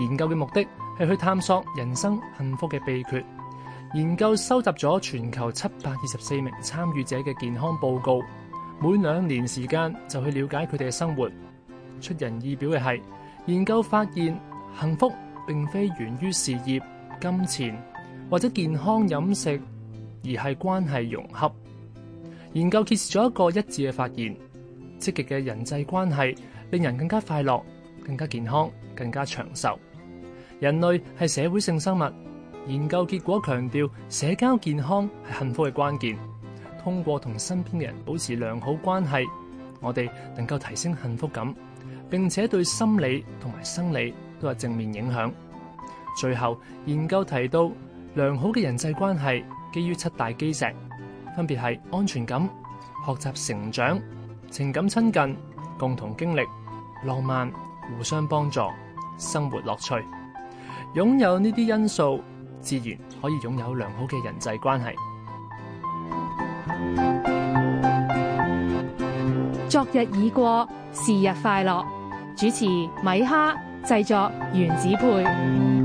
研究嘅目的係去探索人生幸福嘅秘訣。研究收集咗全球七百二十四名參與者嘅健康報告，每兩年時間就去了解佢哋嘅生活。出人意表嘅係，研究發現幸福並非源於事業、金錢或者健康飲食，而係關係融洽。研究揭示咗一個一致嘅發現：積極嘅人際關係令人更加快樂、更加健康、更加長壽。人類係社會性生物，研究結果強調社交健康係幸福嘅關鍵。通過同身邊嘅人保持良好關係，我哋能夠提升幸福感，並且對心理同埋生理都有正面影響。最後，研究提到良好嘅人際關係基於七大基石，分別係安全感、學習成長、情感親近、共同經歷、浪漫、互相幫助、生活樂趣。擁有呢啲因素，自然可以擁有良好嘅人際關係。昨日已過，是日快樂。主持米哈，製作原子配。